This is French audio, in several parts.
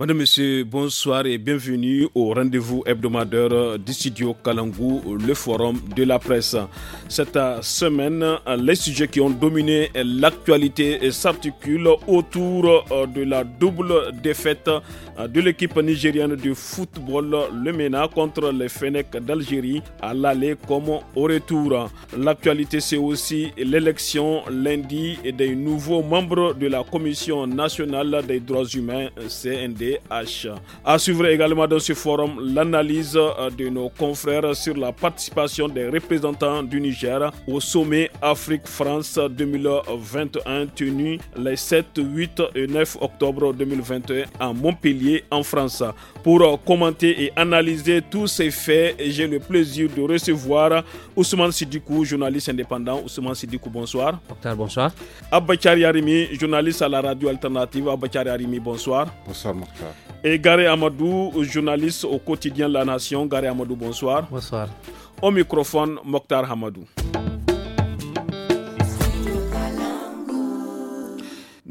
Madame, Monsieur, bonsoir et bienvenue au rendez-vous hebdomadaire du studio Kalangou, le forum de la presse. Cette semaine, les sujets qui ont dominé l'actualité s'articulent autour euh, de la double défaite euh, de l'équipe nigérienne de football, le MENA, contre les Fenech d'Algérie à l'aller comme au retour. L'actualité, c'est aussi l'élection lundi des nouveaux membres de la Commission nationale des droits humains, CND a À suivre également dans ce forum l'analyse euh, de nos confrères sur la participation des représentants du Niger au sommet Afrique-France 2021 tenu les 7, 8 et 9 octobre 2021 à Montpellier en France. Pour euh, commenter et analyser tous ces faits, j'ai le plaisir de recevoir Ousmane Sidikou, journaliste indépendant. Ousmane Sidikou, bonsoir. Docteur, bonsoir. Abba Arimi, journaliste à la radio alternative. Abba Arimi, bonsoir. Bonsoir, et Gary Amadou, journaliste au quotidien La Nation. Gary Amadou, bonsoir. Bonsoir. Au microphone, Mokhtar Hamadou.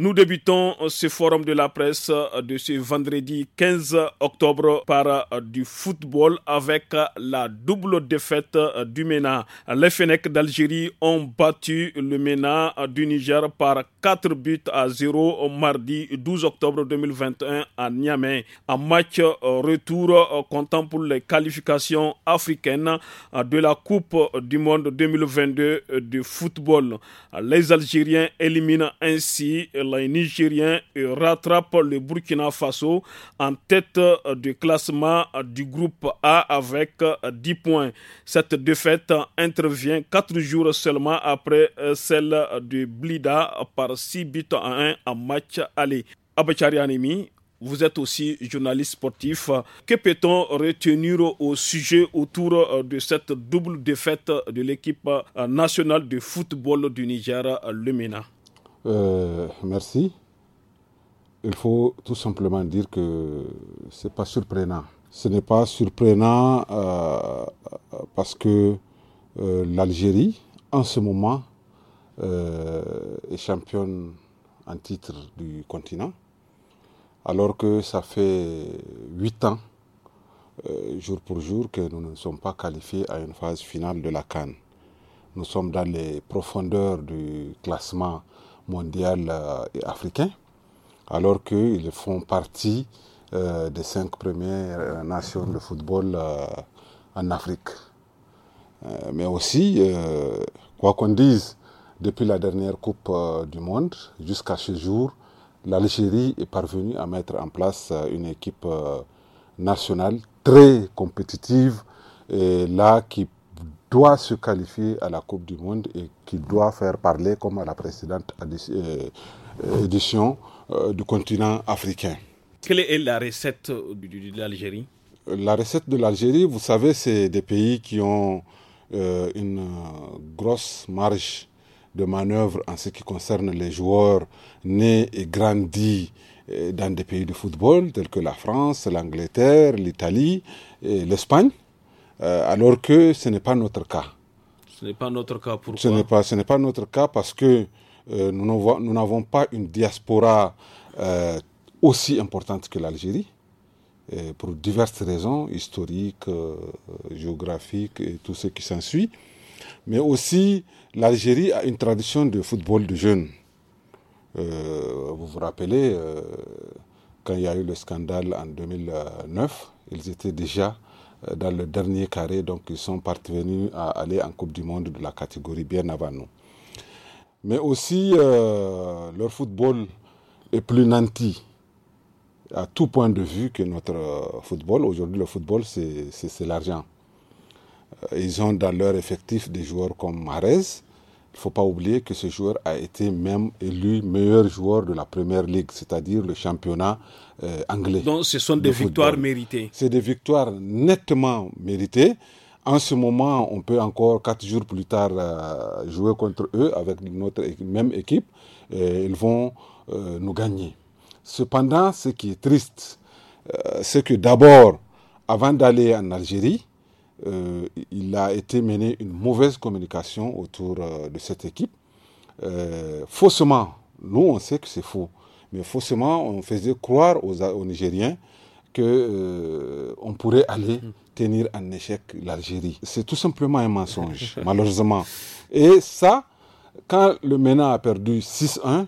Nous débutons ce forum de la presse de ce vendredi 15 octobre par euh, du football avec euh, la double défaite euh, du MENA. Les Fenech d'Algérie ont battu le MENA du Niger par 4 buts à 0 mardi 12 octobre 2021 à Niamey. Un match retour comptant pour les qualifications africaines de la Coupe du Monde 2022 de football. Les Algériens éliminent ainsi les Nigériens rattrapent rattrape le Burkina Faso en tête euh, du classement euh, du groupe A avec 10 euh, points. Cette défaite intervient quatre jours seulement après celle de Blida par 6 buts à 1 en match aller. Abachari vous êtes aussi journaliste sportif. Que peut-on retenir au sujet autour de cette double défaite de l'équipe nationale de football du Niger, le MENA euh, merci. Il faut tout simplement dire que ce n'est pas surprenant. Ce n'est pas surprenant euh, parce que euh, l'Algérie, en ce moment, est championne en titre du continent, alors que ça fait huit ans, jour pour jour, que nous ne sommes pas qualifiés à une phase finale de la Cannes. Nous sommes dans les profondeurs du classement mondial euh, et africain, alors qu'ils font partie euh, des cinq premières euh, nations de football en Afrique. mais aussi, quoi qu'on dise, depuis la dernière Coupe du Monde jusqu'à ce jour, l'Algérie est parvenue à mettre en place une équipe nationale très compétitive et là qui doit se qualifier à la Coupe du Monde et qui doit faire parler comme à la précédente euh, euh, édition euh, du continent africain. Quelle est la recette de l'Algérie La recette de l'Algérie, vous savez, c'est des pays qui ont une grosse marge de manœuvre en ce qui concerne les joueurs nés et grandis dans des pays de football tels que la France, l'Angleterre, l'Italie, et l'Espagne. Euh, alors que ce n'est pas notre cas. Ce n'est pas notre cas, pourquoi Ce n'est pas, notre cas parce que euh, nous n'avons pas une diaspora euh, aussi importante que l'Algérie. pour diverses raisons historiques, géographiques et tout ce qui s'ensuit. Mais aussi, l'Algérie a une tradition de football de jeunes. vous vous rappelez, quand il y a eu le scandale en 2009, ils étaient déjà euh, dans le dernier carré, donc ils sont parvenus à aller en Coupe du Monde de la catégorie bien avant nous. Mais aussi, euh, leur football est plus nanti à tout point de vue que notre euh, football. Aujourd'hui, le football, c'est l'argent. Ils ont dans leur effectif des joueurs comme Marez, il ne faut pas oublier que ce joueur a été même élu meilleur joueur de la Première Ligue, c'est-à-dire le championnat euh, anglais. Donc ce sont des victoires méritées. méritées. C'est des victoires nettement méritées. En ce moment, on peut encore, quatre jours plus tard, euh, jouer contre eux avec notre même équipe. ils vont euh, nous gagner. Cependant, ce qui est triste, c'est que d'abord, avant d'aller en Algérie, euh, il a été mené une mauvaise communication autour euh, de cette équipe. Euh, faussement, nous on sait que c'est faux, mais faussement on faisait croire aux, Nigériens que on pourrait aller tenir en échec l'Algérie. C'est tout simplement un mensonge, malheureusement. Et ça, quand le MENA a perdu 6-1,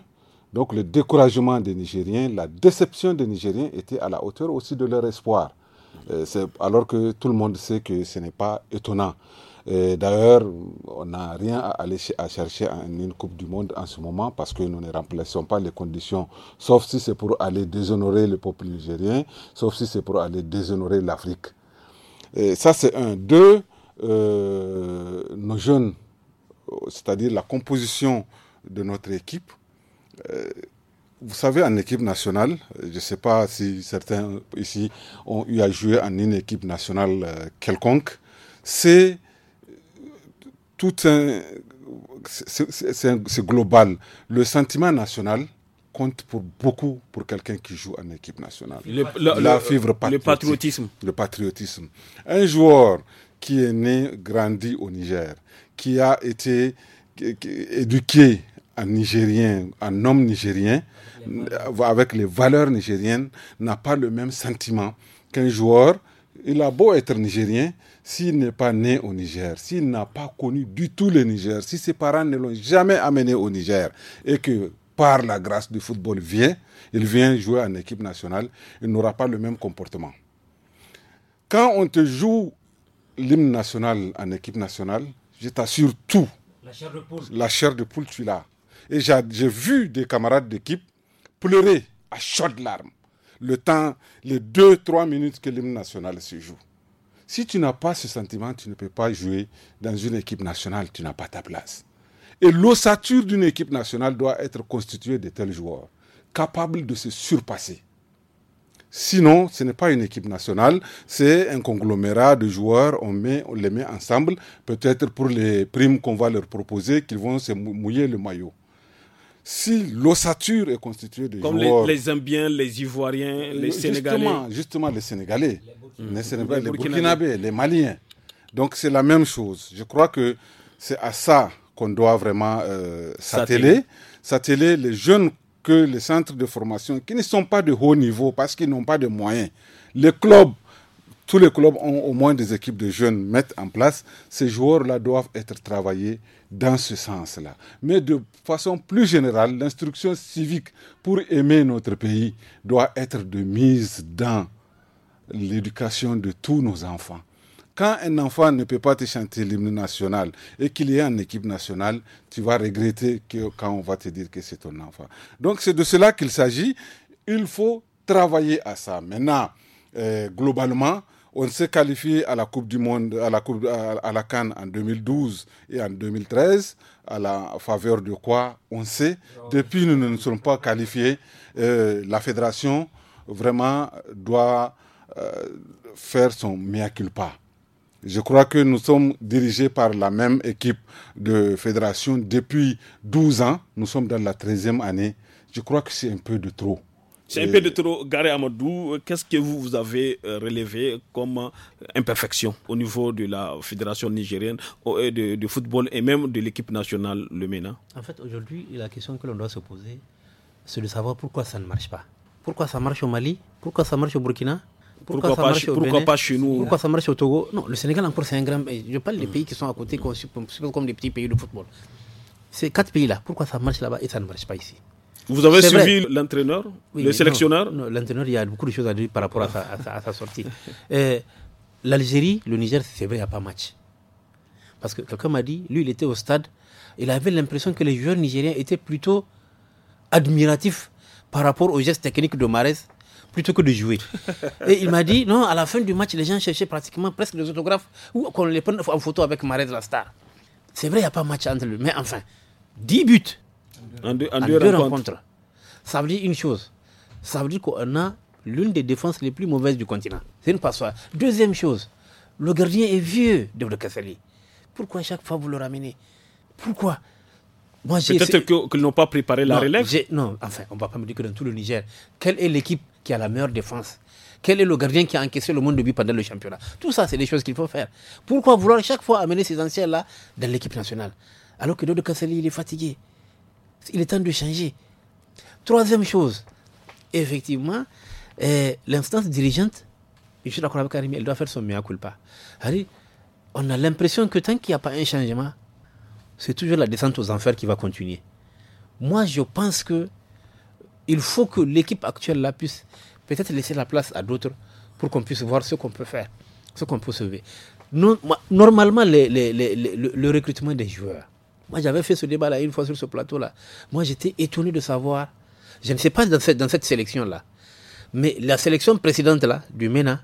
donc le découragement des Nigériens, la déception des Nigériens était à la hauteur aussi de leur espoir. Euh, alors que tout le monde sait que ce n'est pas étonnant. D'ailleurs, on n'a rien à aller chercher en une Coupe du Monde en ce moment parce que nous ne remplaçons pas les conditions, sauf si c'est pour aller déshonorer le peuple nigérien, sauf si c'est pour aller déshonorer l'Afrique. Ça, c'est un. Deux, euh, nos jeunes, c'est-à-dire la composition de notre équipe, euh, vous savez, en équipe nationale, je ne sais pas si certains ici ont eu à jouer en une équipe nationale euh, quelconque, c'est tout un... C'est global. Le sentiment national, compte pour beaucoup pour quelqu'un qui joue en équipe nationale. la fibre le patriotisme. Le patriotisme. Un joueur qui est né, grandi au Niger, qui a été éduqué un Nigérien, un homme nigérien, avec les valeurs nigériennes, n'a pas le même sentiment qu'un joueur. Il a beau être nigérien, s'il n'est pas né au Niger, s'il n'a pas connu du tout le Niger, si ses parents ne l'ont jamais amené au Niger et que par la grâce du football vient, il vient jouer en équipe nationale, il n'aura pas le même comportement. Quand on te joue l'hymne national en équipe nationale, je t'assure tout. La chair de La chair de poule, tu l'as. Et j'ai vu des camarades d'équipe pleurer à chaudes larmes le temps, les deux, trois minutes que l'hymne national se joue. Si tu n'as pas ce sentiment, tu ne peux pas jouer dans une équipe nationale, tu n'as pas ta place. Et l'ossature d'une équipe nationale doit être constituée de tels joueurs, capables de se surpasser. Sinon, ce n'est pas une équipe nationale, c'est un conglomérat de joueurs, on, met, on les met ensemble, peut-être pour les primes qu'on va leur proposer, qu'ils vont se mouiller le maillot si l'ossature est constituée de Comme les, Zambiens, les Ivoiriens, les euh, Sénégalais. Justement, les Sénégalais, les, Sénégalais, les Burkinabés, les Maliens. Donc c'est la même chose. Je crois que c'est à ça qu'on doit vraiment euh, s'atteler. S'atteler les jeunes que les centres de formation, qui ne sont pas de haut niveau parce qu'ils n'ont pas de moyens. Les clubs, tous les clubs ont au moins des équipes de jeunes, mettent en place. Ces joueurs-là doivent être travaillés dans ce sens-là. Mais de façon plus générale, l'instruction civique pour aimer notre pays doit être de mise dans l'éducation de tous nos enfants. Quand un enfant ne peut pas te chanter l'hymne national et qu'il est en équipe nationale, tu vas regretter que, quand on va te dire que c'est ton enfant. Donc c'est de cela qu'il s'agit. Il faut travailler à ça. Maintenant, euh, globalement, on s'est qualifié à la Coupe du Monde, à la, coupe, à, la Cannes en 2012 et en 2013, à la faveur de quoi on sait. Depuis, nous ne nous sommes pas qualifiés. Euh, la fédération vraiment doit euh, faire son mea culpa. Je crois que nous sommes dirigés par la même équipe de fédération depuis 12 ans. Nous sommes dans la 13e année. Je crois que c'est un peu de trop. C'est un peu de trop. à Amadou, qu'est-ce que vous, vous avez euh, relevé comme euh, imperfection au niveau de la Fédération nigérienne euh, de, football et même de l'équipe nationale, le MENA En fait, aujourd'hui, la question que l'on doit se poser, c'est de savoir pourquoi ça ne marche pas. Pourquoi ça marche au Mali Pourquoi ça marche au Burkina pourquoi, ça pas, au chez nous Pourquoi ça marche au Togo Non, le Sénégal encore c'est un grand pays. Je parle des pays qui sont à côté, comme des petits pays de football. Ces quatre pays-là, pourquoi ça marche là-bas et ça ne marche pas ici vous avez suivi l'entraîneur, le sélectionneur L'entraîneur, il y a beaucoup de choses à dire par rapport à sa, sortie. Euh, L'Algérie, le Niger, c'est vrai, il n'y a pas match. Parce que quelqu'un m'a dit, lui, il était au stade, il avait l'impression que les joueurs nigériens étaient plutôt admiratifs par rapport aux gestes techniques de Marès plutôt que de jouer. Et il m'a dit, non, à la fin du match, les gens cherchaient pratiquement presque des autographes ou qu'on les prenne en photo avec Marès la star. C'est vrai, il n'y a pas match entre eux, mais enfin, 10 buts en deux, Ça veut dire une chose. Ça veut dire qu'on a l'une des défenses les plus mauvaises du continent. C'est une passoire. Deuxième chose, le gardien est vieux de Kassali. Pourquoi chaque fois vous le ramenez Pourquoi Peut-être qu'ils n'ont pas préparé la relève Non, enfin, on ne va pas me dire que dans tout le Niger, quelle est l'équipe qui a la meilleure défense Quel est le gardien qui a encaissé le monde de but pendant le championnat Tout ça, c'est des choses qu'il faut faire. Pourquoi vouloir chaque fois amener ces anciens-là dans l'équipe nationale Alors que Dodo Kassali, il est fatigué. Il est temps de changer. Troisième chose, effectivement, euh, l'instance dirigeante, je suis d'accord avec Karim, elle doit faire son mea culpa. On a l'impression que tant qu'il n'y a pas un changement, c'est toujours la descente aux enfers qui va continuer. Moi, je pense que il faut que l'équipe actuelle là puisse peut-être laisser la place à d'autres pour qu'on puisse voir ce qu'on peut faire, ce qu'on peut sauver. Normalement, le recrutement des joueurs, moi, j'avais fait ce débat-là une fois sur ce plateau-là. Moi, j'étais étonné de savoir. Je ne sais pas dans cette, dans cette sélection-là. Mais la sélection précédente-là, du MENA,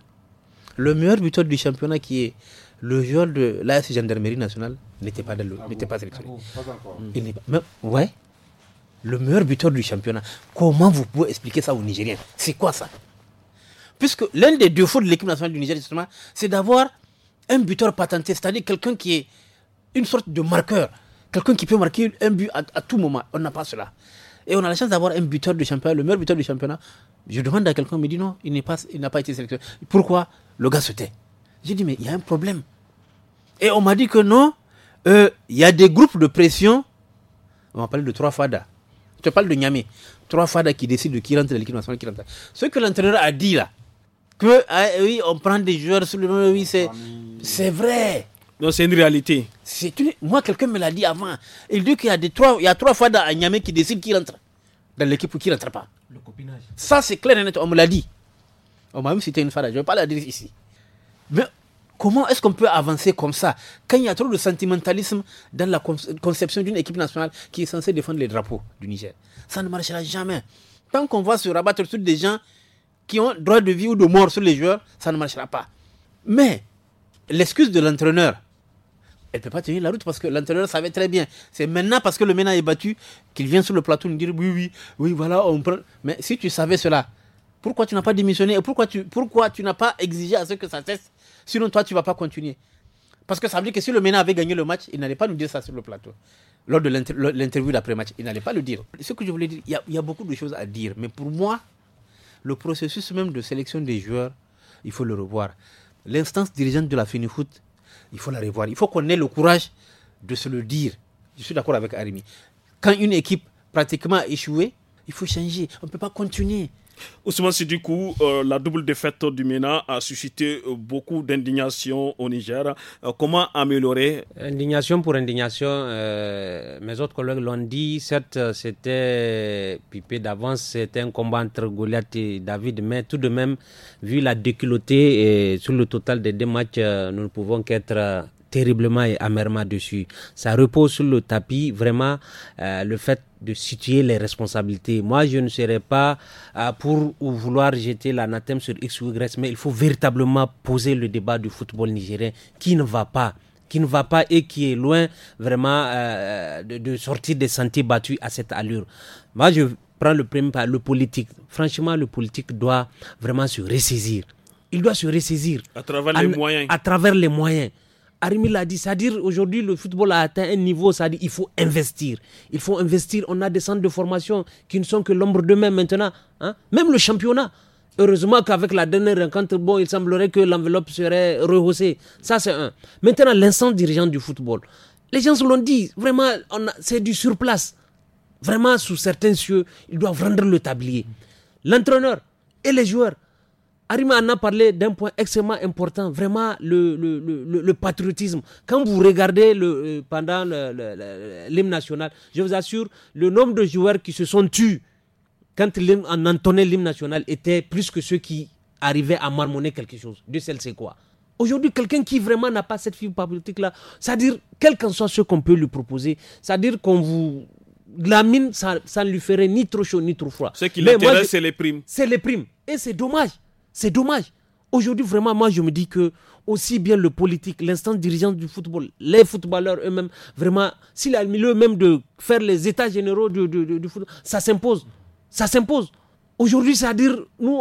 le meilleur buteur du championnat qui est le joueur de l'AS Gendarmerie nationale n'était pas, ah n'était pas sélectionné. Ah mais, ouais, le meilleur buteur du championnat. Comment vous pouvez expliquer ça aux Nigériens C'est quoi ça Puisque l'un des défauts de l'équipe nationale du Niger, justement, c'est d'avoir un buteur patenté, c'est-à-dire quelqu'un qui est une sorte de marqueur quelqu'un qui peut marquer un but à, tout moment. On n'a pas cela. Et on a la chance d'avoir un buteur de championnat, le meilleur buteur du championnat. Je demande à quelqu'un, il me dit non, il n'est pas, il n'a pas été sélectionné. Pourquoi Le gars se tait. J'ai dit, mais il y a un problème. Et on m'a dit que non, euh, il y a des groupes de pression. On va parler de trois FADA. Je te parle de Niamey. Trois FADA qui décident de qui rentre dans l'équipe nationale, qui rentre. Ce que l'entraîneur a dit là, que ah oui, on prend des joueurs sur le même, oui, c'est vrai. Donc c'est une réalité. Moi, quelqu'un me l'a dit avant. Il dit qu'il y a, trois... Il y a trois fois dans Niamey qui décident qui rentre dans l'équipe ou qui ne rentre pas. Le Ça, c'est clair et net. On me l'a dit. On m'a même cité une fois. Je ne vais pas la dire ici. Mais comment est-ce qu'on peut avancer comme ça quand il y a trop de sentimentalisme dans la conception d'une équipe nationale qui est censée défendre les drapeaux du Niger Ça ne marchera jamais. Tant qu'on va se rabattre sur des gens qui ont droit de vie ou de mort sur les joueurs, ça ne marchera pas. Mais l'excuse de l'entraîneur, elle ne peut pas tenir la route parce que l'entraîneur savait très bien. C'est maintenant parce que le MENA est battu qu'il vient sur le plateau nous dire oui, oui, oui, voilà, on prend. Mais si tu savais cela, pourquoi tu n'as pas démissionné pourquoi tu, pourquoi tu n'as pas exigé à ce que ça cesse Sinon, toi, tu ne vas pas continuer. Parce que ça veut dire que si le MENA avait gagné le match, il n'allait pas nous dire ça sur le plateau. Lors de l'interview d'après-match, il n'allait pas le dire. Ce que je voulais dire, il y, a, beaucoup de choses à dire. Mais pour moi, le processus même de sélection des joueurs, il faut le revoir. L'instance dirigeante de la FiniFoot il faut la revoir. Il faut qu'on ait le courage de se le dire. Je suis d'accord avec Arimi. Quand une équipe pratiquement a échoué, il faut changer. On ne peut pas continuer. Ousmane du coup euh, la double défaite du MENA a suscité euh, beaucoup d'indignation au Niger. Euh, comment améliorer Indignation pour indignation, mes autres collègues l'ont dit, certes c'était pipé d'avance, c'était un combat entre Goliath et David, mais tout de même, vu la déculottée et sur le total des deux matchs, nous ne pouvons qu'être terriblement et amèrement dessus. Ça repose sur le tapis, vraiment, euh, le fait de situer les responsabilités. Moi, je ne serais pas euh, pour ou vouloir jeter l'anathème sur X ou Y, mais il faut véritablement poser le débat du football nigérien qui ne va pas qui ne va pas et qui est loin vraiment euh, de, sortir des sentiers battus à cette allure. Moi, je prends le premier pas le politique. Franchement, le politique doit vraiment se ressaisir. Il doit se ressaisir. À travers les moyens. À travers les moyens. Arimi l'a dit, c'est-à-dire aujourd'hui le football a atteint un niveau, c'est-à-dire il faut investir. Il faut investir, on a des centres de formation qui ne sont que l'ombre de même. maintenant. Hein. Même le championnat. Heureusement qu'avec la dernière rencontre, bon, il semblerait que l'enveloppe serait rehaussée. Ça, c'est un. Maintenant, l'instant dirigeant du football. Les gens l'ont dit, vraiment, c'est du surplace. Vraiment, sous certains cieux, ils doivent rendre le tablier. L'entraîneur et les joueurs. Arima en a parlé d'un point extrêmement important, vraiment le, le, le, le patriotisme. Quand vous regardez le, euh, pendant l'hymne national, je vous assure, le nombre de joueurs qui se sont tués quand on entonnait l'hymne national était plus que ceux qui arrivaient à marmonner quelque chose. Dieu seul c'est quoi. Aujourd'hui, quelqu'un qui vraiment n'a pas cette fibre politique-là, c'est-à-dire, quel qu'en soit ce qu'on peut lui proposer, c'est-à-dire qu'on vous la mine, ça, ne lui ferait ni trop chaud ni trop froid. Ce qui l'intéresse, c'est les primes. C'est les primes. Et c'est dommage. C'est dommage. Aujourd'hui, vraiment, moi, je me dis que aussi bien le politique, l'instance dirigeante du football, les footballeurs eux-mêmes, vraiment, s'il a le milieu même de faire les états généraux du, football, ça s'impose. Ça s'impose. Aujourd'hui, c'est-à-dire, nous,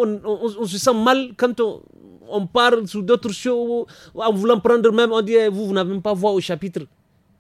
on, se sent mal quand on, parle sur d'autres choses, en voulant prendre même, on dit, eh, vous, vous n'avez même pas voix au chapitre.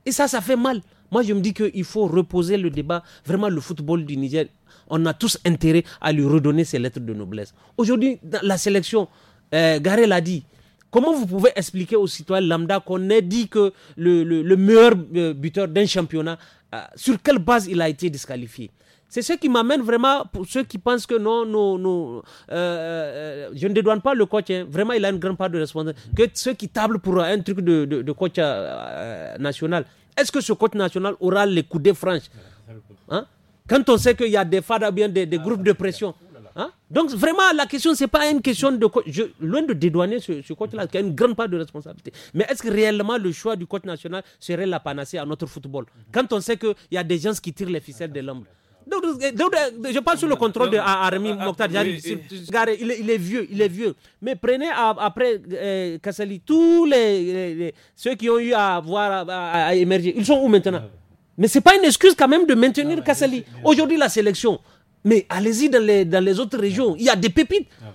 Et ça, ça fait mal. Moi, je me dis qu'il faut reposer le débat. Vraiment, le football du Niger, on a tous intérêt à lui redonner ses lettres de noblesse. Aujourd'hui, la sélection, euh, a dit, Comment vous pouvez expliquer aux citoyens lambda qu'on ait dit que le, meilleur euh, buteur d'un championnat, euh, sur quelle base il a été disqualifié c'est ce qui m'amène vraiment, pour ceux qui pensent que non, non, non euh, je ne dédouane pas le coach, hein. vraiment il a une grande part de responsabilité, que ceux qui tablent pour un truc de, coach national, est-ce que ce coach national aura les coudées franches quand on sait qu'il y a des fadabiens, bien des, groupes de pression. Hein? Donc vraiment, la question, ce n'est pas une question de... loin de dédouaner ce, côté coach-là, qui a une grande part de responsabilité. Mais est-ce que réellement le choix du coach national serait la panacée à notre football Quand on sait qu'il y a des gens qui tirent les ficelles de l'homme. je parle sur le contrôle de Mokhtar euh, il, est vieux, il est vieux. Mais prenez après euh, Kassali, tous les, ceux qui ont eu à voir, à émerger, ils sont où maintenant mais ce n'est pas une excuse quand même de maintenir Kassali. Aujourd'hui, la sélection. Mais allez-y dans les, dans les autres régions. Il y a des pépites. Ah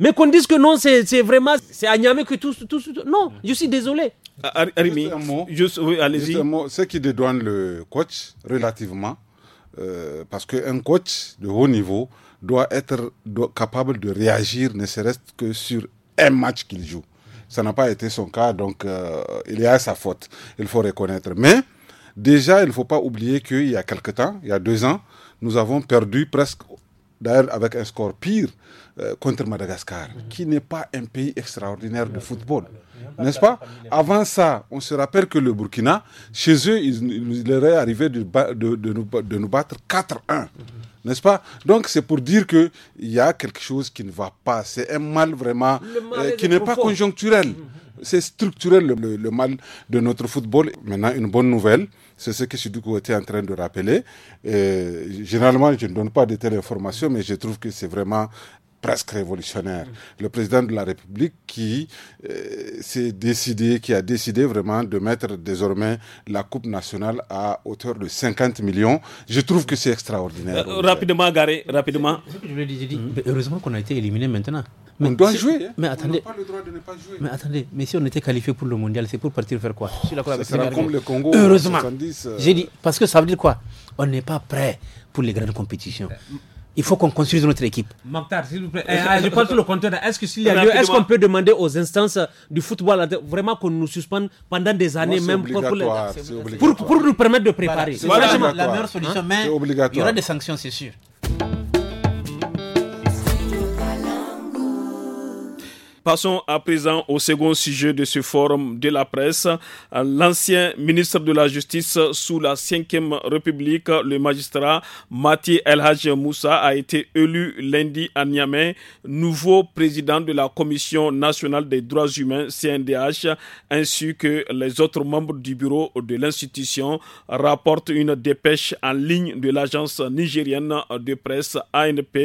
mais qu'on dise que non, c'est vraiment. C'est à que tout, Non, je suis désolé. Ah, Arimi, juste, allez-y. Ce qui dédouane le coach, relativement, euh, parce qu'un coach de haut niveau doit être capable de réagir, ne serait-ce que sur un match qu'il joue. Ça n'a pas été son cas, donc euh, il y a sa faute, il faut reconnaître. Mais Déjà, il ne faut pas oublier qu'il y a quelque temps, il y a deux ans, nous avons perdu presque, d'ailleurs avec un score pire, euh, contre Madagascar, mhm. qui n'est pas un pays extraordinaire de football. N'est-ce pas Avant ça, on se rappelle que le Burkina, chez eux, il, leur est arrivé de, nous, battre 4-1. Mhm. N'est-ce pas Donc c'est pour dire qu'il y a quelque chose qui ne va pas. C'est un mal vraiment euh, qui n'est pas conjoncturel. Mhm. C'est structurel le, mal de notre football. Maintenant, une bonne nouvelle, c'est ce que du était en train de rappeler. généralement, je ne donne pas de telles informations, mais je trouve que c'est vraiment presque révolutionnaire. Mm. Le président de la République qui euh, s'est décidé, qui a décidé vraiment de mettre désormais la Coupe nationale à hauteur de 50 millions. Je trouve que c'est extraordinaire. Euh, rapidement, Garé, rapidement. Je, heureusement qu'on a été éliminé maintenant. Mais on doit jouer. Mais attendez. On pas le droit de ne pas jouer. Mais attendez, mais si on était qualifié pour le mondial, c'est pour partir faire quoi Heureusement. Euh, J'ai dit, parce que ça veut dire quoi On n'est pas prêt pour les grandes compétitions. Il faut qu'on construise notre équipe. Mokhtar, s'il vous plaît. Eh, ah, je parle le Est-ce qu'on peut demander aux instances du football vraiment qu'on nous suspende pendant des années, même pour, pour, nous permettre de préparer C'est la meilleure solution, mais il y aura des sanctions, c'est sûr. Passons à présent au second sujet de ce forum de la presse. L'ancien ministre de la Justice sous la Ve République, le magistrat Mathieu El Haj Moussa, a été élu lundi à Niamey nouveau président de la Commission nationale des droits humains, CNDH, ainsi que les autres membres du bureau de l'institution, rapportent une dépêche en ligne de l'agence nigérienne de presse ANP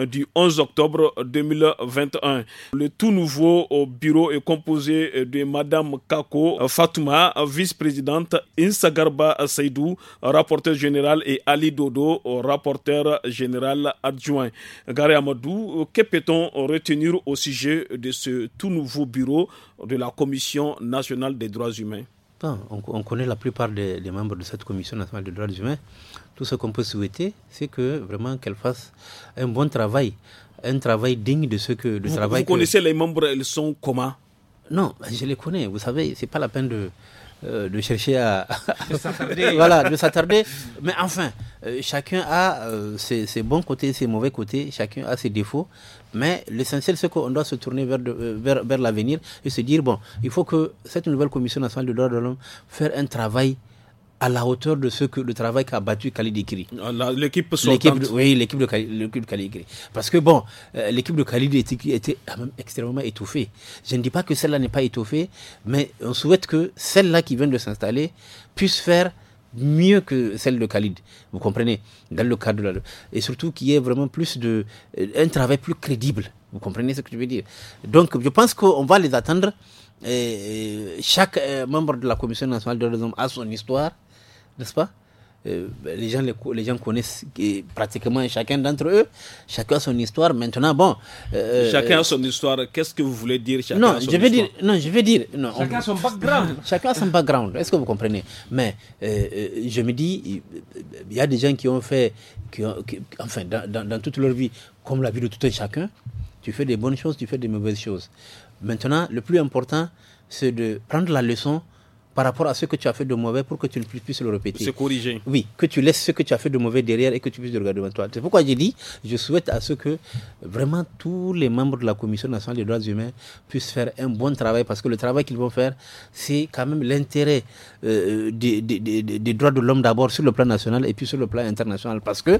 du 11 octobre 2021. Le tout nouveau bureau est composé euh, de Madame Kako euh, Fatouma, euh, vice-présidente, Insagarba Saïdou, rapporteur général, et Ali Dodo, rapporteur général adjoint. Gary Amadou, que peut-on retenir au sujet de ce tout nouveau bureau de la Commission nationale des droits humains on, connaît la plupart des, membres de cette Commission nationale des droits humains. Tout ce qu'on peut souhaiter, c'est que vraiment qu'elle fasse un bon travail un travail digne de ce que le vous, travail. Vous connaissez les membres, ils sont comment Non, je les connais. Vous savez, c'est pas la peine de. Euh, de chercher à, s'attarder. voilà, de s'attarder. Mais enfin, euh, chacun a euh, ses, bons côtés, ses mauvais côtés, chacun a ses défauts. Mais l'essentiel, c'est qu'on doit se tourner vers, vers, vers l'avenir et se dire, bon, il faut que cette nouvelle Commission nationale des droit de l'homme fasse un travail à la hauteur de ce que le travail qu'a battu Khalid ah, L'équipe hein. Oui, l'équipe de, Khalid Khalid Parce que bon, euh, l'équipe de Khalid était quand même extrêmement étouffée. Je ne dis pas que celle-là n'est pas étouffée, mais on souhaite que celle-là qui vient de s'installer puisse faire mieux que celle de Khalid, vous comprenez, dans le cadre de Et surtout qu'il y ait vraiment plus de... Euh, un travail plus crédible, vous comprenez ce que je veux dire. Donc je pense qu'on va les attendre. Et chaque euh, membre de la Commission nationale de l'homme a son histoire, n'est-ce pas euh, ben, les gens, les, gens connaissent euh, pratiquement chacun d'entre eux. Chacun a son histoire. Maintenant, bon. Euh, chacun a son histoire. Qu'est-ce que vous voulez dire chacun non, a son je veux dire, non, je dire. chacun a son background. chacun a son background. Est-ce que vous comprenez Mais je me dis, il y a des gens qui ont fait, qui enfin, dans, dans, dans, toute leur vie, comme la vie de tout un chacun, tu fais des bonnes choses, tu fais des mauvaises choses. Maintenant, le plus important, c'est de prendre la leçon par rapport à ce que tu as fait de mauvais pour que tu ne puisses le répéter. Se corriger. Oui, que tu laisses ce que tu as fait de mauvais derrière et que tu puisses le regarder devant toi. C'est pourquoi j'ai dit, je souhaite à ce que vraiment tous les membres de la Commission nationale des droits humains puissent faire un bon travail parce que le travail qu'ils vont faire, c'est quand même l'intérêt euh, des, droits de l'homme d'abord sur le plan national et puis sur le plan international parce que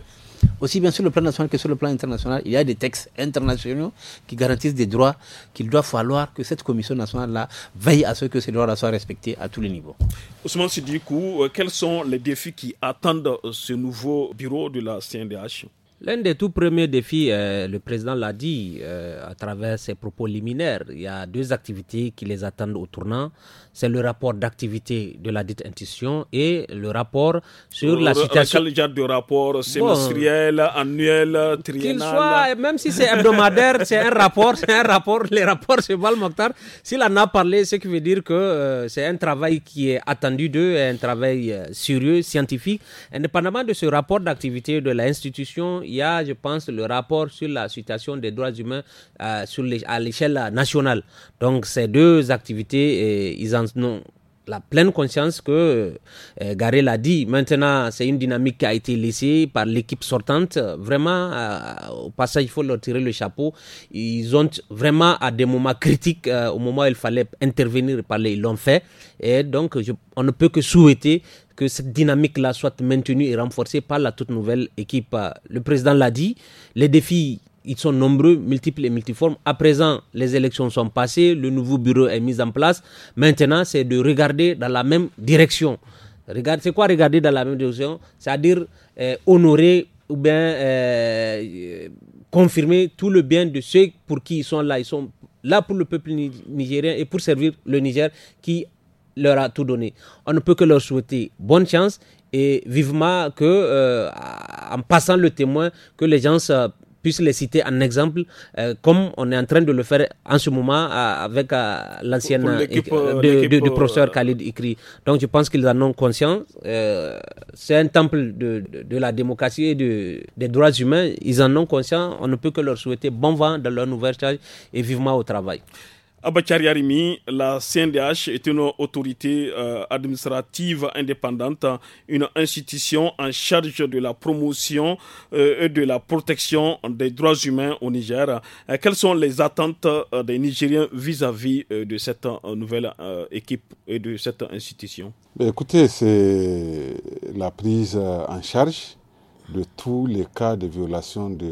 aussi bien sur le plan national que sur le plan international, il y a des textes internationaux qui garantissent des droits qu'il doit falloir que cette commission nationale veille à ce que ces droits-là soient respectés à tous les niveaux. Ousmane Sidikou, euh, quels sont les défis qui attendent euh, ce nouveau bureau de la CNDH L'un des tout premiers défis, euh, le président l'a dit euh, à travers ses propos liminaires, il y a deux activités qui les attendent au tournant. C'est le rapport d'activité de la dite institution et le rapport sur la situation. Quel genre de rapport semestriel, annuel, triennal Qu'il soit, même si c'est hebdomadaire, c'est un rapport, c'est un rapport. Les rapports, c'est Val Mokhtar. S'il en a parlé, ce qui veut dire que euh, c'est un travail qui est attendu d'eux, un travail sérieux, scientifique. Indépendamment de ce rapport d'activité de l'institution, il y a, je pense, le rapport sur la situation des droits humains euh, sur les, à l'échelle euh, nationale. Donc ces deux activités, euh, ils en ont la pleine conscience que Garel a dit. Maintenant, c'est une dynamique qui a été laissée par l'équipe sortante. Vraiment, au passage, il faut leur tirer le chapeau. Ils ont vraiment, à des moments critiques, au moment où il fallait intervenir et parler, ils l'ont fait. Et donc, on ne peut que souhaiter que cette dynamique-là soit maintenue et renforcée par la toute nouvelle équipe. Le président l'a dit, les défis ils sont nombreux, multiples et multiformes. À présent, les élections sont passées, le nouveau bureau est mis en place. Maintenant, c'est de regarder dans la même direction. Regarde, c'est quoi regarder dans la même direction C'est-à-dire euh, honorer ou bien euh, confirmer tout le bien de ceux pour qui ils sont là. Ils sont là pour le peuple nigérien et pour servir le Niger qui leur a tout donné. On ne peut que leur souhaiter bonne chance et vivement que, euh, en passant le témoin, que les gens euh, puissent les citer en exemple, euh, comme on est en train de le faire en ce moment avec l'ancienne du professeur Khalid Ikri. Donc je pense qu'ils en ont conscience. C'est un temple de, de, la démocratie et de, des droits humains. Ils en ont conscience. On ne peut que leur souhaiter bon vent dans leur ouverture et vivement au travail. Abachari Arimi, la CNDH est une autorité euh, administrative indépendante, une institution en charge de la promotion euh, et de la protection des droits humains au Niger. Euh, quelles sont les attentes des Nigériens vis-à-vis de cette nouvelle équipe et de cette institution Écoutez, c'est la prise en charge de tous les cas de violation des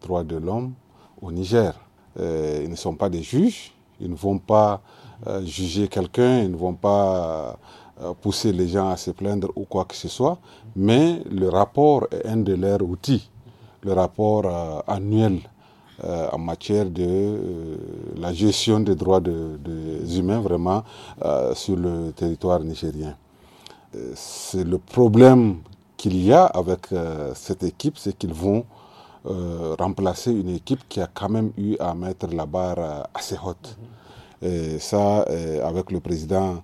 droits de l'homme au Niger. ils ne sont pas des juges, ils ne vont pas euh, juger quelqu'un, ils ne vont pas euh, pousser les gens à se plaindre ou quoi que ce soit, mais le rapport est un de leurs outils, le rapport euh, annuel en matière de la gestion des droits de, des humains vraiment sur le territoire nigérien. C'est le problème qu'il y a avec cette équipe, c'est qu'ils vont euh, remplacer une équipe qui a quand même eu à mettre la barre assez haute. ça, euh, avec le président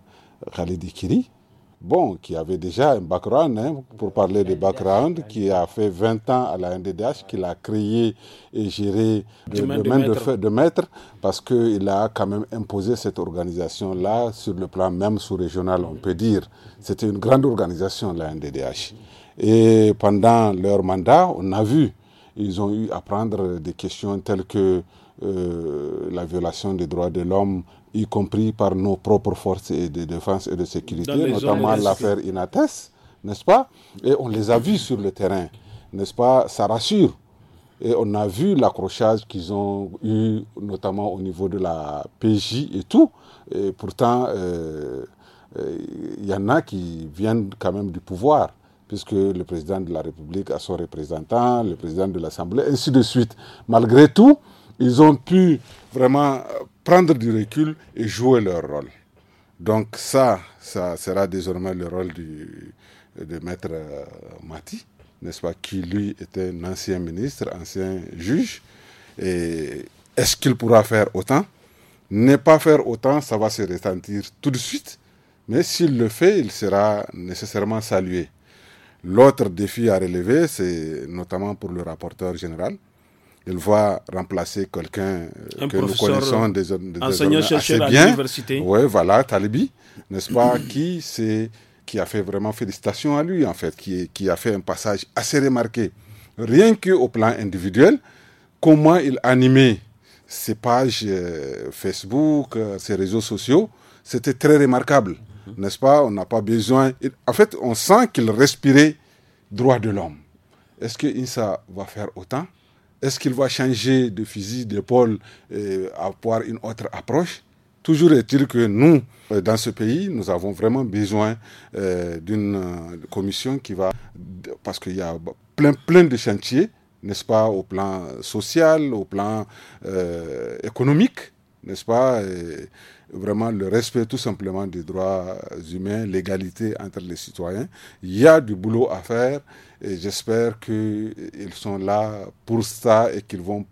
Khalid Ikiri, bon, qui avait déjà un background, hein, pour parler de background, qui a fait 20 ans à la NDDH, qu'il a créé et géré de, même de, de, maître. de maître, parce qu'il a quand même imposé cette organisation-là sur le plan même sous-régional, on peut dire. C'était une grande organisation, la NDDH. Et pendant leur mandat, on a vu ils ont eu à prendre des questions telles que euh, la violation des droits de l'homme, y compris par nos propres forces de défense et de sécurité, notamment l'affaire Inates, n'est-ce pas Et on les a vus sur le terrain, n'est-ce pas Ça rassure. Et on a vu l'accrochage qu'ils ont eu, notamment au niveau de la PJ et tout. Et pourtant, euh, euh, il y en a qui viennent quand même du pouvoir puisque le président de la République a son représentant, le président de l'Assemblée, ainsi de suite. Malgré tout, ils ont pu vraiment prendre du recul et jouer leur rôle. Donc ça, ça sera désormais le rôle du, de maître euh, Mati, n'est-ce pas, qui lui était un ancien ministre, ancien juge. Et est-ce qu'il pourra faire autant Ne pas faire autant, ça va se ressentir tout de suite. Mais s'il le fait, il sera nécessairement salué. L'autre défi à relever, c'est notamment pour le rapporteur général. Il va remplacer quelqu'un que nous connaissons des, des enseignant-chercheur à l'université. Oui, voilà, Talibi, n'est-ce pas, qui a fait vraiment félicitations à lui en fait, qui, a fait un passage assez remarqué. Rien qu'au plan individuel, comment il animait ses pages euh, Facebook, euh, ses réseaux sociaux, c'était très remarquable n'est-ce pas On n'a pas besoin. En fait, on sent qu'il respirait droit de l'homme. Est-ce que INSA va faire autant Est-ce qu'il va changer de physique, d'épaule, à avoir une autre approche Toujours est-il que nous, euh, dans ce pays, nous avons vraiment besoin euh, d'une euh, commission qui va, parce qu'il y a plein, plein de chantiers, n'est-ce pas, au plan social, au plan économique, n'est-ce pas, vraiment le respect tout simplement des droits humains, l'égalité entre les citoyens. Il y a du boulot à faire et j'espère qu'ils sont là pour ça et qu'ils vont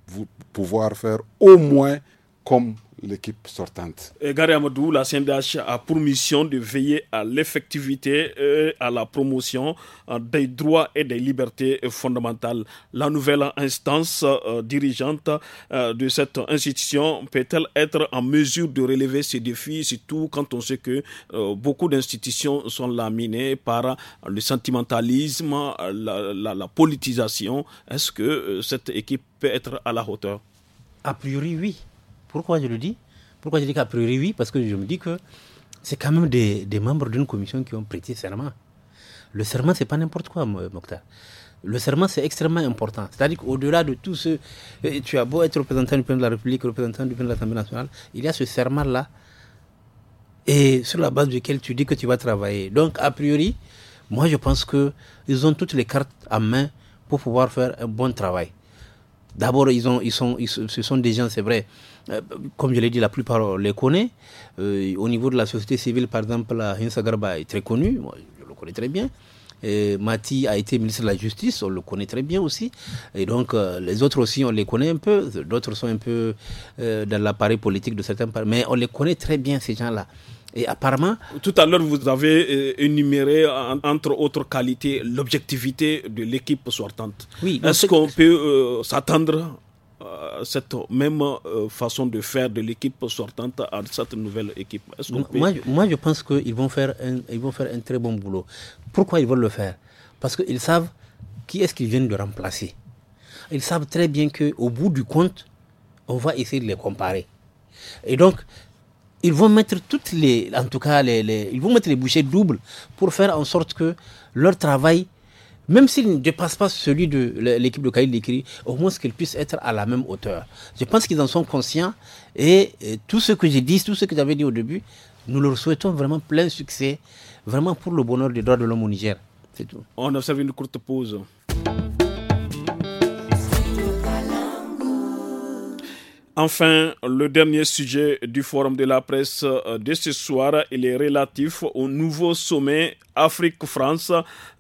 pouvoir faire au moins comme l'équipe sortante. Gary Amadou, la CNDH a pour mission de veiller à l'effectivité et à la promotion euh, des droits et des libertés fondamentales. La nouvelle instance euh, dirigeante euh, de cette institution peut-elle être en mesure de relever ces défis, surtout quand on sait que beaucoup d'institutions sont laminées par le sentimentalisme, la politisation Est-ce que cette équipe peut être à la hauteur A priori, oui pourquoi je le dis Pourquoi je dis qu'a priori oui Parce que je me dis que c'est quand même des, membres d'une commission qui ont prêté serment. Le serment, c'est pas n'importe quoi, Mokhtar. Le serment, c'est extrêmement important. C'est-à-dire qu'au-delà de tout ce. Eh, tu as beau être représentant du peuple de la République, représentant du peuple de l'Assemblée nationale, il y a ce serment-là, et sur la base duquel tu dis que tu vas travailler. Donc, a priori, moi, je pense qu'ils ont toutes les cartes en main pour pouvoir faire un bon travail. D'abord, ils, ont, ils, sont, ce sont des gens, c'est vrai, euh, comme je l'ai dit, la plupart on euh, les connaît. Euh, au niveau de la société civile, par exemple, Hinsa Garba est très connu, moi, je le connais très bien. Et Mati a été ministre de la Justice, on le connaît très bien aussi. Et donc, les autres aussi, on les connaît un peu. D'autres sont un peu dans l'appareil politique de certains Mais on les connaît très bien, ces gens-là. Et apparemment. Tout à l'heure, vous avez énuméré, entre autres qualités, l'objectivité de l'équipe sortante. Oui. Est-ce qu'on peut s'attendre euh, cette même euh, façon de faire de l'équipe sortante à cette nouvelle équipe moi, je pense qu'ils vont, faire vont faire un très bon boulot. Pourquoi ils veulent le faire Parce qu'ils savent qui est-ce qu'ils viennent de remplacer. Ils savent très bien qu'au bout du compte, on va essayer de les comparer. Et donc, ils vont mettre toutes les, en tout cas, ils vont mettre les bouchées doubles pour faire en sorte que leur travail même s'il ne dépasse pas celui de l'équipe de Khalid au moins qu'il puisse être à la même hauteur. Je pense qu'ils en sont conscients et, tout ce que j'ai dit, tout ce que j'avais dit au début, nous leur souhaitons vraiment plein succès, vraiment pour le bonheur des droits de l'homme au Niger. C'est tout. On observe une courte pause. Enfin, le dernier sujet du forum de la presse euh, de ce soir, il est relatif au nouveau sommet Afrique-France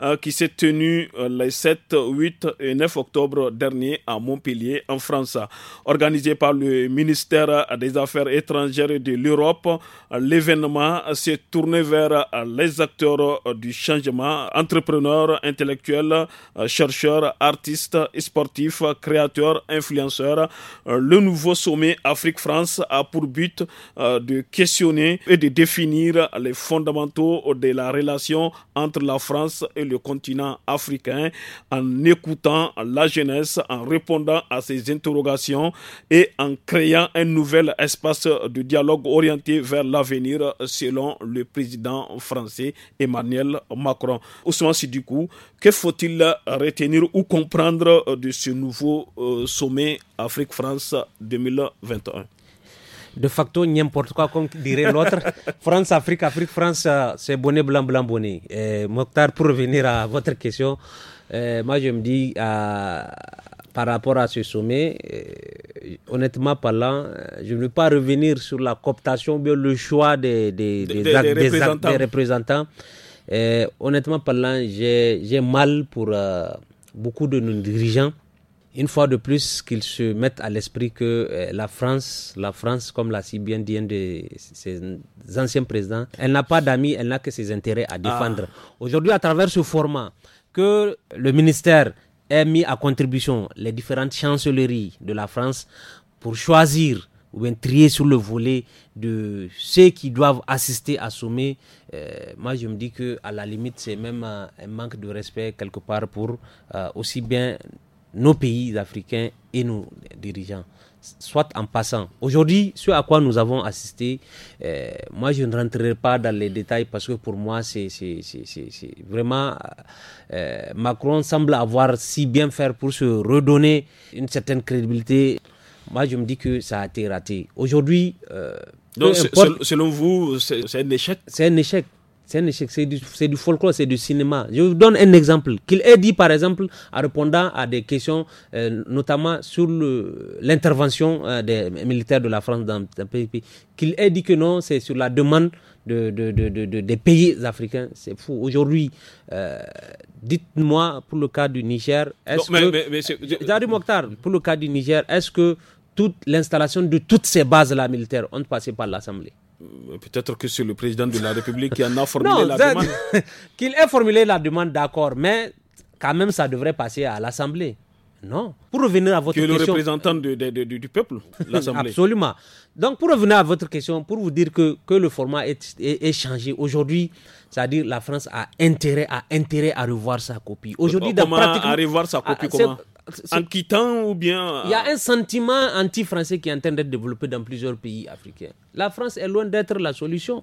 euh, qui s'est tenu euh, les 7, 8 et 9 octobre dernier à Montpellier, en France. Organisé par le ministère des Affaires étrangères de l'Europe, l'événement s'est tourné vers les acteurs du changement, entrepreneurs, intellectuels, chercheurs, artistes, sportifs, créateurs, influenceurs. Le nouveau sommet le sommet Afrique-France a pour but euh, de questionner et de définir les fondamentaux de la relation entre la France et le continent africain en écoutant la jeunesse, en répondant à ses interrogations et en créant un nouvel espace de dialogue orienté vers l'avenir selon le président français Emmanuel Macron. Ousmane coup, que faut-il retenir ou comprendre de ce nouveau euh, sommet Afrique-France 2020? 21. de facto n'importe quoi, comme dirait l'autre. France, Afrique, Afrique, France, euh, c'est bonnet blanc, blanc, bonnet. Et Mokhtar, pour revenir à votre question, euh, moi je me dis, euh, par rapport à ce sommet, honnêtement parlant, je ne veux pas revenir sur la cooptation, mais le choix des, des, des, représentants. représentants. honnêtement parlant, j'ai mal pour beaucoup de nos dirigeants une fois de plus qu'ils se mettent à l'esprit que euh, la France, la France, comme l'a si bien dit un de ses anciens présidents, elle n'a pas d'amis, elle n'a que ses intérêts à défendre. Ah. Aujourd'hui, à travers ce format, que le ministère ait mis à contribution les différentes chancelleries de la France pour choisir ou bien trier sur le volet de ceux qui doivent assister à sommet, euh, moi je me dis que à la limite c'est même un, manque de respect quelque part pour euh, aussi bien nos pays africains et nos dirigeants. Soit en passant. Aujourd'hui, ce à quoi nous avons assisté, euh, moi je ne rentrerai pas dans les détails parce que pour moi, c'est vraiment. Euh, Macron semble avoir si bien faire pour se redonner une certaine crédibilité. Moi je me dis que ça a été raté. Aujourd'hui. Euh, Donc, selon vous, c'est un échec C'est un échec. C'est du, folklore, c'est du cinéma. Je vous donne un exemple. Qu'il ait dit, par exemple, en répondant à des questions, euh, notamment sur l'intervention euh, des militaires de la France dans un pays, qu'il ait dit que non, c'est sur la demande des pays africains. C'est fou. Aujourd'hui, euh, dites-moi, pour le cas du Niger, est-ce que. Mokhtar, pour le cas du Niger, est-ce que toute l'installation de toutes ces bases-là militaires ont passé par l'Assemblée euh, peut-être que c'est le président de la République qui en a formulé la demande. Qu'il ait formulé la demande, d'accord, mais quand même, ça devrait passer à l'Assemblée. Non. Pour revenir à votre question. Que le représentant du peuple, Absolument. Donc, pour revenir à votre question, pour vous dire que, que le format est, est, changé aujourd'hui, c'est-à-dire la France a intérêt, a intérêt à revoir sa copie. Aujourd'hui, À revoir sa copie, ah, comment en quittant ou bien. Il y a euh, un sentiment anti-français qui est en train d'être développé dans plusieurs pays africains. La France est loin d'être la solution,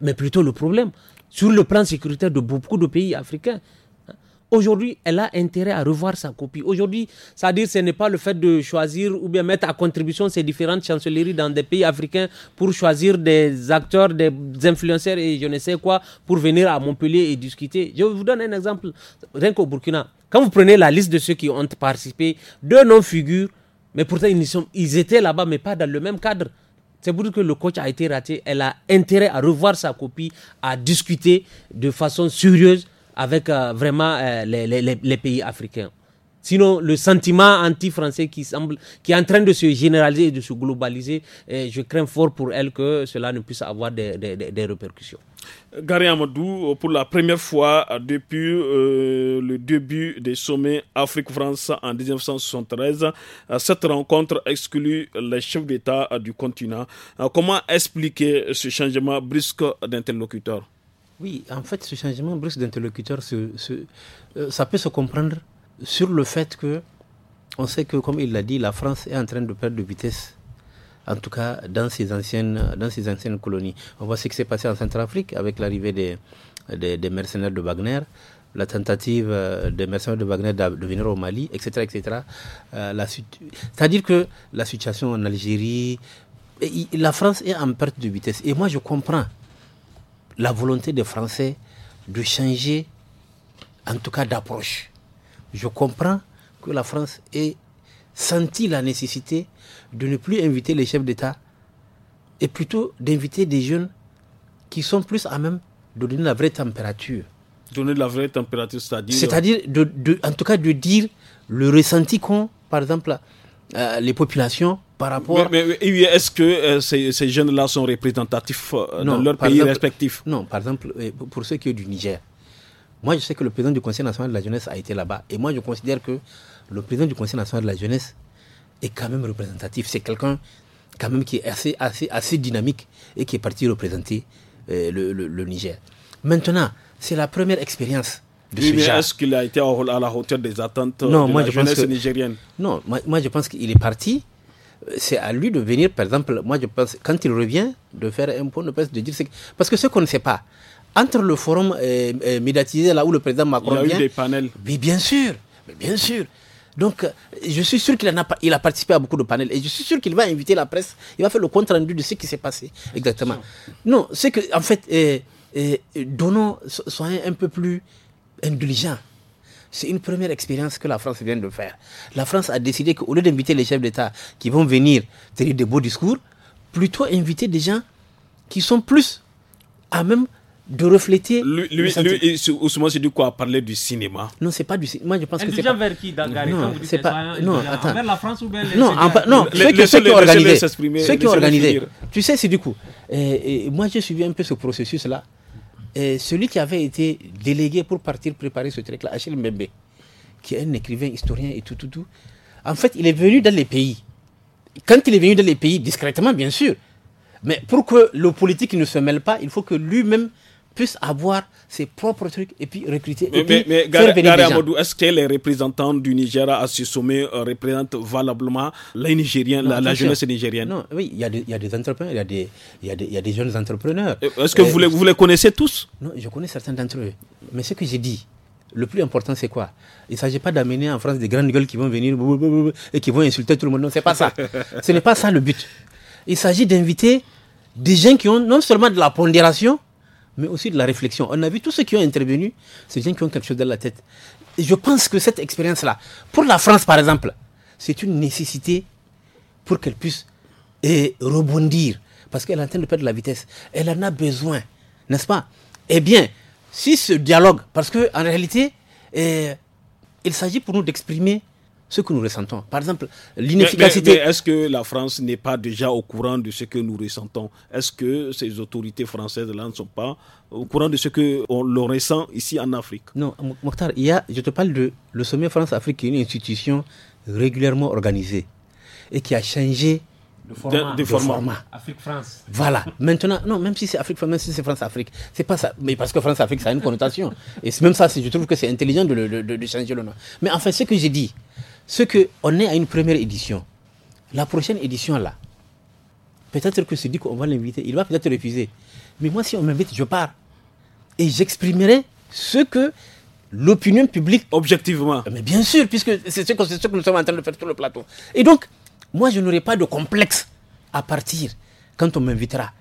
mais plutôt le problème. Sur le plan sécuritaire de beaucoup de pays africains, hein, Aujourd'hui, elle a intérêt à revoir sa copie. Aujourd'hui, c'est-à-dire ce n'est pas le fait de choisir ou bien mettre à contribution ces différentes chancelleries dans des pays africains pour choisir des acteurs, des influenceurs et je ne sais quoi pour venir à Montpellier et discuter. Je vous donne un exemple. Rien qu'au Burkina, quand vous prenez la liste de ceux qui ont participé, deux noms figurent, mais pourtant ils, sont, ils étaient là-bas, mais pas dans le même cadre. C'est pour dire que le coach a été raté. Elle a intérêt à revoir sa copie, à discuter de façon sérieuse avec euh, vraiment euh, les, pays africains. Sinon, le sentiment anti-français qui semble, qui est en train de se généraliser et de se globaliser, je crains fort pour elle que cela ne puisse avoir des, des, des répercussions. Gary Amadou, euh, pour la première fois euh, depuis euh, le début des sommets Afrique-France en 1973, cette rencontre exclut les chefs d'État du continent. Comment expliquer ce changement brusque d'interlocuteur Oui, en fait, ce changement brusque d'interlocuteur, ça peut se comprendre sur le fait que, on sait que, comme il l'a dit, la France est en train de perdre de vitesse en tout cas dans ces anciennes, dans ces anciennes colonies. On voit ce qui s'est passé en Centrafrique avec l'arrivée des, des, mercenaires de Wagner, la tentative euh, des mercenaires de Wagner de venir au Mali, etc. etc. Euh, c'est-à-dire que la situation en Algérie, la France est en perte de vitesse. Et moi, je comprends la volonté des Français de changer, en tout cas d'approche. Je comprends que la France ait senti la nécessité de ne plus inviter les chefs d'État et plutôt d'inviter des jeunes qui sont plus à même de donner la vraie température. Donner la vraie température, c'est-à-dire C'est-à-dire, en tout cas, de dire le ressenti qu'ont, par exemple, euh, les populations par rapport. Mais, est-ce que euh, ces, jeunes-là sont représentatifs euh, dans leur pays respectifs respectif Non, par exemple, pour ceux qui sont du Niger, moi je sais que le président du Conseil national de la jeunesse a été là-bas. Et moi je considère que le président du Conseil national de la jeunesse est quand même représentatif. C'est quelqu'un quand même qui est assez, assez, assez dynamique et qui est parti représenter euh, le, Niger. Maintenant, c'est la première expérience de ce Est-ce qu'il a été à la hauteur des attentes euh, non, de moi la je jeunesse pense nigérienne Non, moi, je pense qu'il est parti. C'est à lui de venir, par exemple, moi je pense, quand il revient, de faire un point de presse, de dire Parce que ce qu'on ne sait pas, entre le forum euh, médiatisé, là où le président Macron il a eu des panels. oui bien sûr, mais bien sûr. Donc, euh, je suis sûr qu'il a, il a participé à beaucoup de panels et je suis sûr qu'il va inviter la presse. Il va faire le compte rendu de ce qui s'est passé. Exactement. Non, c'est que, en fait, euh, euh, donnons, soyons un peu plus indulgents. C'est une première expérience que la France vient de faire. La France a décidé qu'au lieu d'inviter les chefs d'État qui vont venir tenir des beaux discours, plutôt inviter des gens qui sont plus à même de refléter. Lui, lui, lui Ousmane du quoi parler du cinéma Non, c'est pas du cinéma. je pense que c'est. vers qui Non, c'est hein, Vers la France ou vers les. Non, ah, bah, non. ceux, qui, ont organisé. Ceux qui ont organisé. Tu sais, c'est du coup. Eh, eh, moi, j'ai suivi un peu ce processus-là. Eh, celui qui avait été délégué pour partir préparer ce truc-là, Achille Mbembe, qui est un écrivain, historien et tout, tout, tout. En fait, il est venu dans les pays. Quand il est venu dans les pays, discrètement, bien sûr. Mais pour que le politique ne se mêle pas, il faut que lui-même puisse avoir ses propres trucs et puis recruter. et puis faire est-ce que les représentants du Niger à ce sommet euh, représentent valablement les la, jeunesse nigérienne Non, oui, il y, a des, entrepreneurs, il y a des, jeunes entrepreneurs. Euh, est-ce que euh, vous, les, vous les connaissez tous Non, je connais certains d'entre eux. Mais ce que j'ai dit, le plus important, c'est quoi Il ne s'agit pas d'amener en France des grandes gueules qui vont venir et qui vont insulter tout le monde. Non, ce n'est pas ça. ce n'est pas ça le but. Il s'agit d'inviter des gens qui ont non seulement de la pondération, mais aussi de la réflexion. On a vu tous ceux qui ont intervenu, c'est gens qui ont quelque chose dans la tête. je pense que cette expérience-là, pour la France par exemple, c'est une nécessité pour qu'elle puisse rebondir, parce qu'elle est en train de perdre la vitesse. Elle en a besoin, n'est-ce pas Eh bien, si ce dialogue, parce qu'en réalité, eh, il s'agit pour nous d'exprimer ce que nous ressentons. Par exemple, l'inefficacité. Mais, est-ce que la France n'est pas déjà au courant de ce que nous ressentons Est-ce que ces autorités françaises là ne sont pas au courant de ce que on le ressent ici en Afrique Non, Mokhtar, il y a, je te parle de le sommet France-Afrique, qui est une institution régulièrement organisée et qui a changé de format. Afrique-France. Voilà. Maintenant, non, même si c'est Afrique, même si c'est France-Afrique, c'est pas ça. Mais parce que France-Afrique, ça a une connotation. Et même ça, je trouve que c'est intelligent de, de, changer le nom. Mais enfin, ce que j'ai dit, que qu'on est à une première édition. La prochaine édition, là, peut-être que se dit qu'on va l'inviter, il va peut-être refuser. Mais moi, si on m'invite, je pars. Et j'exprimerai ce que l'opinion publique. Objectivement. Mais bien sûr, puisque c'est ce, que nous sommes en train de faire sur le plateau. Et donc, moi, je n'aurai pas de complexe à partir quand on m'invitera.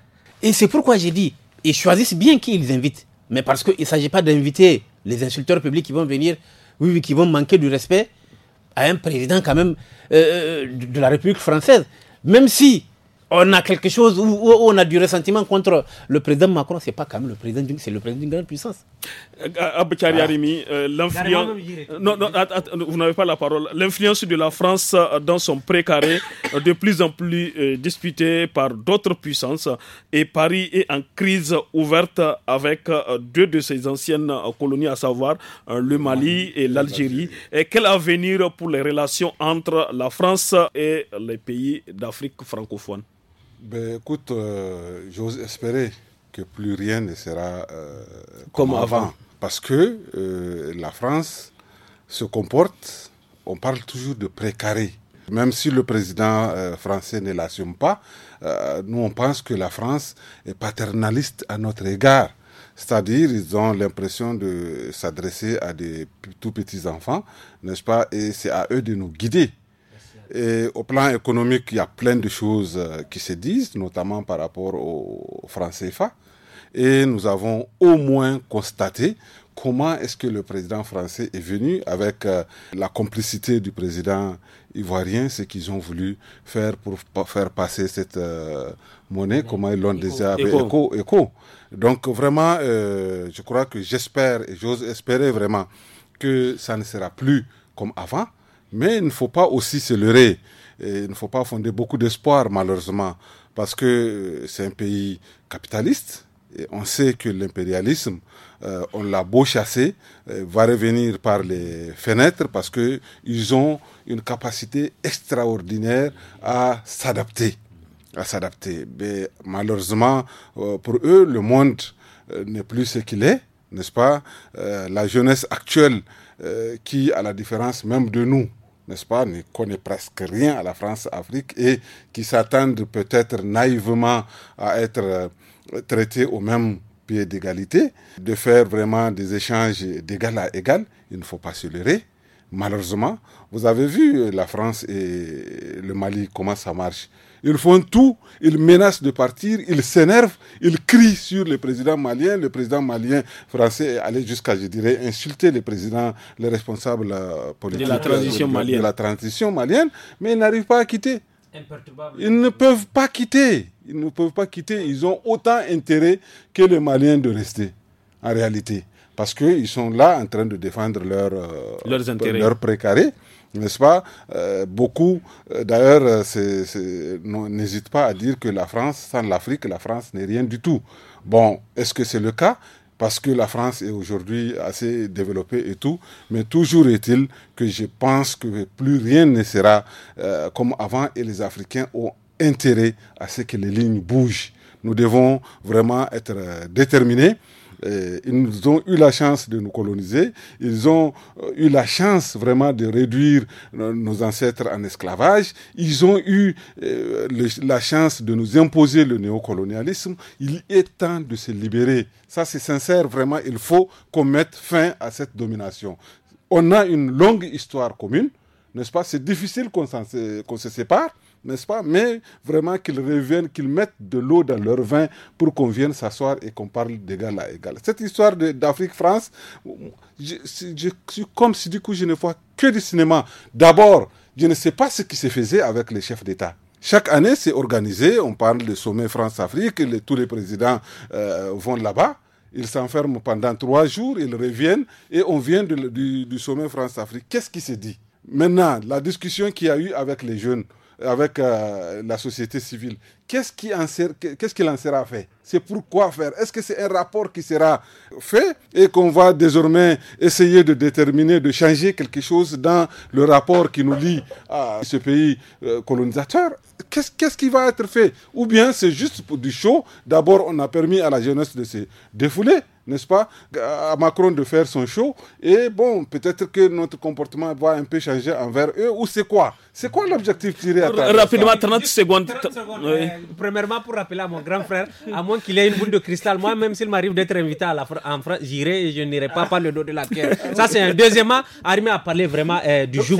Et c'est pourquoi j'ai dit, ils choisissent bien qui ils invitent. Mais parce qu'il ne s'agit pas d'inviter les insulteurs publics qui vont venir, oui, qui vont manquer du respect à un président quand même euh, euh, de la République française. Même si on a quelque chose où, on a du ressentiment contre le président Macron. C'est pas quand même le président, c'est le président d'une grande puissance. Euh, Abkari ah. Arimi, euh, l'influence. Non, vous n'avez pas la parole. L'influence de la France euh, dans son précaré, de plus en plus disputée par d'autres puissances, et Paris est en crise ouverte avec deux de ses anciennes colonies, à savoir le Mali et l'Algérie. Et quel avenir pour les relations entre la France et les pays d'Afrique francophone? Ben, écoute, euh, j'ose espérer que plus rien ne sera euh, comme, avant. Parce que euh, la France se comporte, on parle toujours de précaré. Même si le président français ne l'assume pas, nous on pense que la France est paternaliste à notre égard. C'est-à-dire, ils ont l'impression de s'adresser à des tout petits enfants, n'est-ce pas Et c'est à eux de nous guider au plan économique, il y a plein de choses euh, qui se disent, notamment par rapport au franc CFA. Et nous avons au moins constaté comment est-ce que le président français est venu avec euh, la complicité du président ivoirien, ce qu'ils ont voulu faire pour faire passer cette euh, monnaie, comment ils l'ont déjà avec éco. Donc vraiment, je crois que j'espère et j'ose espérer vraiment que ça ne sera plus comme avant, mais il ne faut pas aussi se leurrer. il ne faut pas fonder beaucoup d'espoir, malheureusement, parce que euh, c'est un pays capitaliste. Et on sait que l'impérialisme, euh, on l'a beau chasser, euh, va revenir par les fenêtres parce qu'ils ont une capacité extraordinaire à s'adapter, à s'adapter. Mais malheureusement, pour eux, le monde n'est plus ce qu'il est, n'est-ce pas La jeunesse actuelle, qui, à la différence même de nous, n'est-ce pas, ne connaît presque rien à la France-Afrique et qui s'attendent peut-être naïvement à être euh, traités au même pied d'égalité, de faire vraiment des échanges d'égal à égal, il ne faut pas se leurrer. Malheureusement, vous avez vu la France et le Mali, comment ça marche. Ils font tout, ils menacent de partir, ils s'énervent, ils crient sur le président malien. Le président malien français est allé jusqu'à, je dirais, insulter le président, les responsables euh, politiques de la transition, malienne. mais ils n'arrivent pas à quitter. Ils ne peuvent pas quitter. Ils ne peuvent pas quitter. Ils ont autant intérêt que les Maliens de rester, en réalité parce qu'ils sont là en train de défendre leur, euh, leurs intérêts, leurs précarés. N'est-ce pas euh, Beaucoup, euh, d'ailleurs, n'hésitent pas à dire que la France, sans l'Afrique, la France n'est rien du tout. Bon, est-ce que c'est le cas parce que la France est aujourd'hui assez développée et tout, mais toujours est-il que je pense que plus rien ne sera comme avant et les Africains ont intérêt à ce que les lignes bougent. Nous devons vraiment être déterminés ils ont eu la chance de nous coloniser, ils ont euh, eu la chance vraiment de réduire nos ancêtres en esclavage, ils ont eu euh, la chance de nous imposer le néocolonialisme. Il est temps de se libérer. Ça, c'est sincère, vraiment, il faut qu'on mette fin à cette domination. On a une longue histoire commune, n'est-ce pas C'est difficile qu'on se sépare n'est-ce pas Mais vraiment qu'ils reviennent, qu'ils mettent de l'eau dans leur vin pour qu'on vienne s'asseoir et qu'on parle d'égal à égal. Cette histoire d'Afrique-France, je, suis comme si du coup je ne vois que du cinéma. D'abord, je ne sais pas ce qui se faisait avec les chefs d'État. Chaque année, c'est organisé. On parle du sommet France-Afrique. tous les présidents euh, vont là-bas. Ils s'enferment pendant trois jours. Ils reviennent et on vient du, du sommet France-Afrique. Qu'est-ce qui se dit Maintenant, la discussion qu'il y a eu avec les jeunes, avec euh, la société civile. Qu'est-ce qu'il en, sera fait C'est pourquoi faire Est-ce que c'est un rapport qui sera fait et qu'on va désormais essayer de déterminer, de changer quelque chose dans le rapport qui nous lie à ce pays euh, colonisateur qu'est-ce, qui va être fait Ou bien c'est juste pour du show D'abord, on a permis à la jeunesse de se défouler n'est-ce pas, à Macron de faire son show. Et bon, peut-être que notre comportement va un peu changer envers eux. Ou c'est quoi C'est quoi l'objectif tiré à Rapidement, 30 secondes. Euh, premièrement, pour rappeler à mon grand frère, à moins qu'il ait une boule de cristal, moi, même s'il m'arrive d'être invité à la en France, j'irai et je n'irai pas par le dos de la pierre. Ça, c'est un. Deuxièmement, arriver à parler vraiment du joug.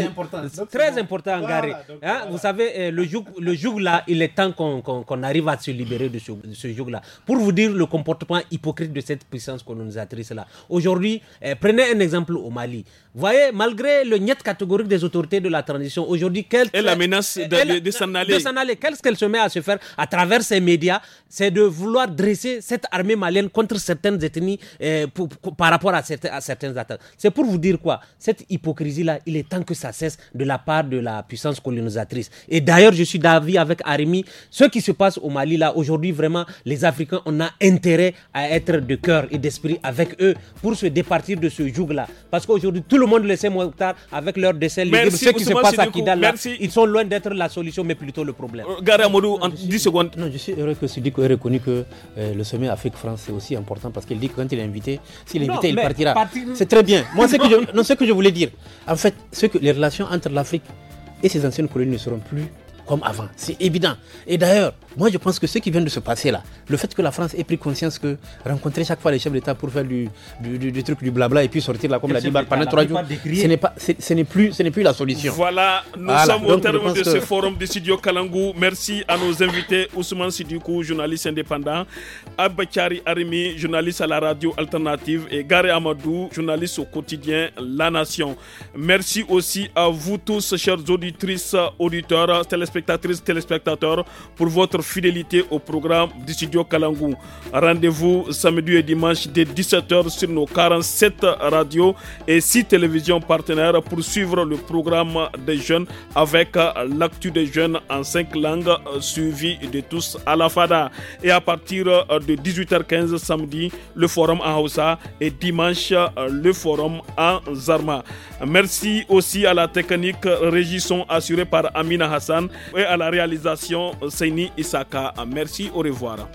Très important, voilà, Vous savez, euh, le joug, le là, il est temps qu'on arrive à se libérer de ce, de ce joug là. Pour vous dire le comportement hypocrite de cette puissance colonisatrice-là. Aujourd'hui, eh, prenez un exemple au Mali voyez, malgré le net catégorique des autorités de la transition, aujourd'hui, qu'elle. est la menace de, de, de s'en aller. Qu'est-ce qu'elle se met à se faire à travers ces médias C'est de vouloir dresser cette armée malienne contre certaines ethnies euh, par rapport à, à certaines attentes. C'est pour vous dire quoi Cette hypocrisie-là, il est temps que ça cesse de la part de la puissance colonisatrice. Et d'ailleurs, je suis d'avis avec Arimi, ce qui se passe au Mali, là, aujourd'hui, vraiment, les Africains, on a intérêt à être de cœur et d'esprit avec eux pour se départir de ce joug-là. Parce qu'aujourd'hui, tout le le monde le sait, tard avec leur décès ce qui se passe à ils sont loin d'être la solution, mais plutôt le problème. Euh, Gare Amadou, en 10 secondes. Non, je suis heureux que Sidikou ait reconnu que euh, le sommet Afrique-France, est aussi important parce qu'il dit que quand il est invité, s'il est invité, il partira. C'est très bien. Moi, ce que, je, ce que je voulais dire, en fait, ce que les relations entre l'Afrique et ses anciennes colonies ne seront plus comme avant. C'est évident. Et d'ailleurs, moi je pense que ce qui vient de se passer là, le fait que la France ait pris conscience que rencontrer chaque fois les chefs d'État pour faire du, du, truc, du blabla et puis sortir là comme la dit pendant trois jours, ce n'est pas, ce n'est plus, ce n'est plus la solution. Voilà, nous sommes au terme de ce forum de Studio Kalangou. Merci à nos invités Ousmane Sidikou, journaliste indépendant, Abakari Arimi, journaliste à la radio alternative et Gary Amadou, journaliste au quotidien La Nation. Merci aussi à vous tous, chers auditrices, auditeurs, téléspectateurs téléspectatrices, téléspectateurs, pour votre fidélité au programme du studio Kalangou. Rendez-vous samedi et dimanche dès 17h sur nos 47 radios et 6 télévisions partenaires pour suivre le programme des jeunes avec l'actu des jeunes en 5 langues suivi de tous à la FADA. Et à partir de 18h15 samedi, le forum en Hausa et dimanche, le forum en Zarma. Merci aussi à la technique régisson assurée par Amina Hassan et à la réalisation Seini Isaka. Merci, au revoir.